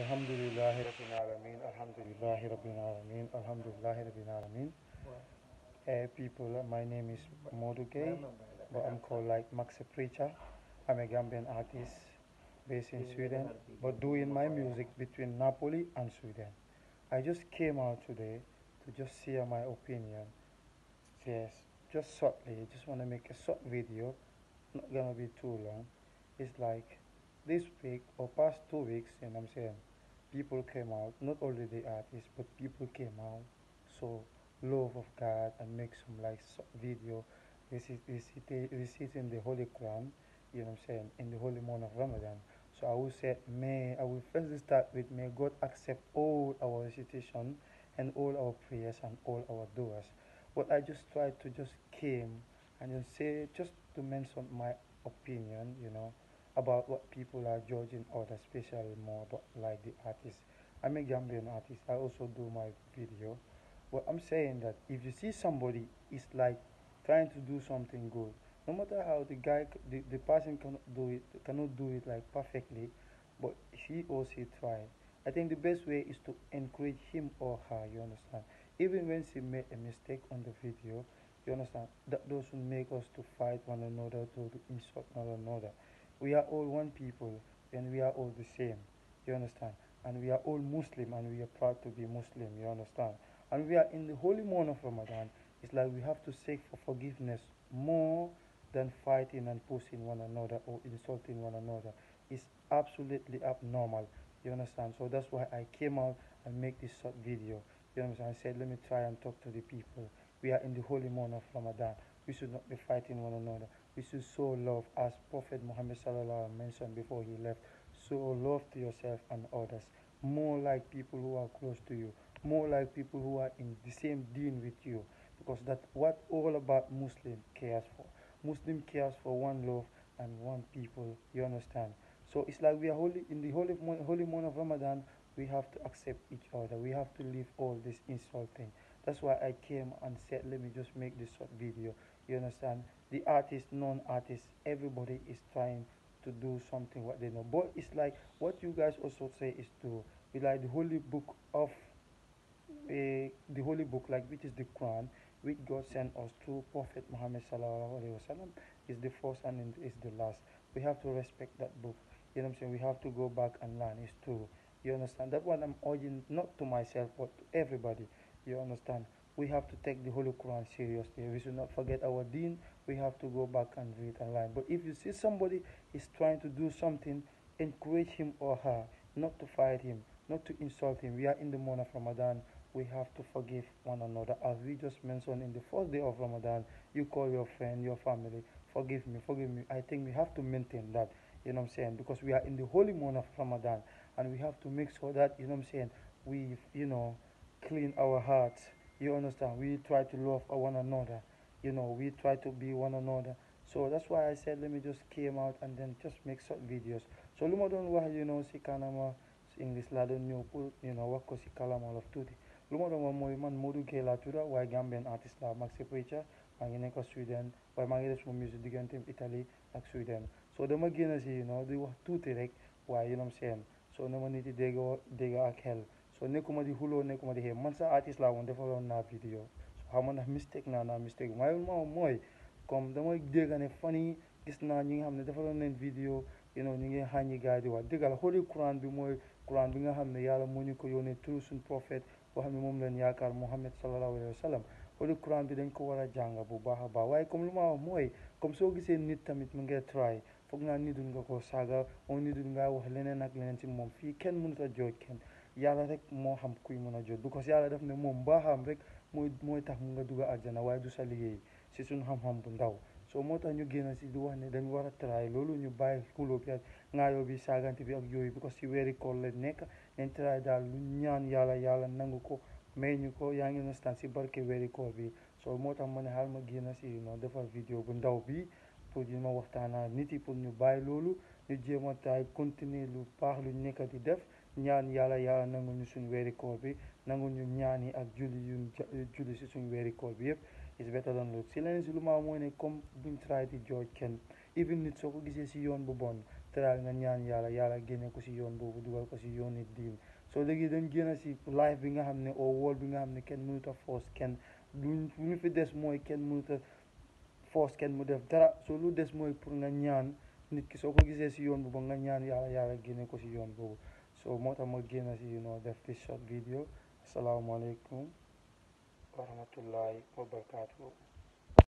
الحمد لله رب العالمين الحمد لله رب العالمين الحمد لله رب العالمين uh, people my name is Moduge but I'm called like Max Preacher I'm a Gambian artist based in Sweden but doing my music between Napoli and Sweden I just came out today to just share my opinion yes just shortly just want to make a short video not gonna be too long it's like this week or past two weeks, you know what I'm saying, people came out, not only the artists, but people came out, so love of God and make some like video This is reciting the Holy Quran, you know what I'm saying, in the holy month of Ramadan. So I will say, may, I will first start with, may God accept all our recitation and all our prayers and all our doers. What I just tried to just came and just say, just to mention my opinion, you know, about what people are judging or the special more about like the artist. I'm a Gambian artist. I also do my video. Well, I'm saying that if you see somebody is like trying to do something good, no matter how the guy, the, the person cannot do it, cannot do it like perfectly, but he or she try. I think the best way is to encourage him or her. You understand? Even when she made a mistake on the video, you understand that doesn't make us to fight one another to insult one another we are all one people and we are all the same you understand and we are all muslim and we are proud to be muslim you understand and we are in the holy month of ramadan it's like we have to seek for forgiveness more than fighting and pushing one another or insulting one another it's absolutely abnormal you understand so that's why i came out and make this short video you understand i said let me try and talk to the people we are in the holy month of Ramadan. We should not be fighting one another. We should show love as Prophet Muhammad Sallallahu mentioned before he left. Show love to yourself and others. More like people who are close to you. More like people who are in the same deen with you. Because that's what all about Muslim cares for. Muslim cares for one love and one people. You understand? So it's like we are holy in the holy holy month of Ramadan. We have to accept each other. We have to leave all this insult thing that's why I came and said let me just make this short video you understand the artist non-artist everybody is trying to do something what they know but it's like what you guys also say is to be like the holy book of uh, the holy book like which is the quran which god sent us to prophet muhammad wasallam is the first and is the last we have to respect that book you know what i'm saying we have to go back and learn it's true you understand that one i'm urging not to myself but to everybody you understand? We have to take the Holy Quran seriously. We should not forget our deen. We have to go back and read and learn. But if you see somebody is trying to do something, encourage him or her, not to fight him, not to insult him. We are in the month of Ramadan. We have to forgive one another. As we just mentioned in the first day of Ramadan, you call your friend, your family, forgive me, forgive me. I think we have to maintain that, you know what I'm saying? Because we are in the holy month of Ramadan and we have to make sure that, you know what I'm saying, we, you know, clean our hearts. You understand? We try to love one another. You know, we try to be one another. So that's why I said, let me just came out and then just make short videos. So lumadon don you know si kanama uh, English laa doon ñëw you know wax ko si kàllaama wolof tuuti lu ma doon wax mooy man tura Gueye laa Gambian artist laa mag si preacher maa ngi Sweden waaye maa ngi def suma musique Italy Italie ak Sweden so the génn si you know di wax tuuti rek waaye you know seen so naman iti nit dega dégg ak xel so nekkuma di xuloo nekkuma di xee man sa artiste laa woon defaloon naa vidéo so xamoon na mistake naa naa mistake waaye moom mooy comme dama dégg ne fan yi gis naa ñi nga xam ne defaloon nañ vidéo you know ñu ngi xàññi gars yi di wax dëggal xooli Quran bi mooy Quran bi nga xam ne yàlla moo ñu ko yónnee turu suñ prophète boo xam ne moom leen yaakaar Muhammad sallallahu alayhi wa sallam xooli Quran bi dañ ko war a jànga bu baax a baax waaye comme lu ma mooy comme soo gisee nit tamit mu ngi try foog naa nit dun nga koo saaga moom nit dun wax leneen ak leneen si moom fii kenn mënut a jooj kenn yàlla rek moo xam kuy mën a jot because yàlla def ne moom baaxam rek mooy mooy tax mu nga dugg àjjana waaye du sa liggéey si suñu xam-xam bu ndaw soo moo tax ñu génn si di wax ne dañu war a try loolu ñu bàyyi xuloo bi ak ngaayoo bi saagante bi ak yooyu because si weeri koor la nekk nañ try daal lu ñaan yàlla yàlla nangu ko may ñu ko yaa ngi nastaan si barke weeri koor bi soo moo tax ma ne xaal ma génn si noonu defar vidéo bu ndaw bi pour di ma waxtaanaa nit yi pour ñu bàyyi loolu ñu jéem a taay continuer lu baax lu nekk di def ñaan yàlla yàlla nangul ñu suñu weeri koor bi nangul ñu ñaan yi ak julli yuñ julli si suñu weeri koor bi yëpp is better than si leneen si lu maa mooy ne comme buñ try di jooj kenn even nit soo ko gisee si yoon bu bon tëral nga ñaan yàlla yàlla génne ko si yoon boobu dugal ko si yoon nit diin soo léegi dañ génn si life bi nga xam ne au wol bi nga xam ne kenn mënut a force kenn luñ lu fi des mooy kenn mënut a force kenn mu def dara soo lu des mooy pour nga ñaan nit ki soo ko gisee si yoon bu boobu nga ñaan yàlla yàlla génnee ko si yoon boobu so moo tax ma génn si you def this short video asalaamaaleykum wa rahmatullahi wa barakaatu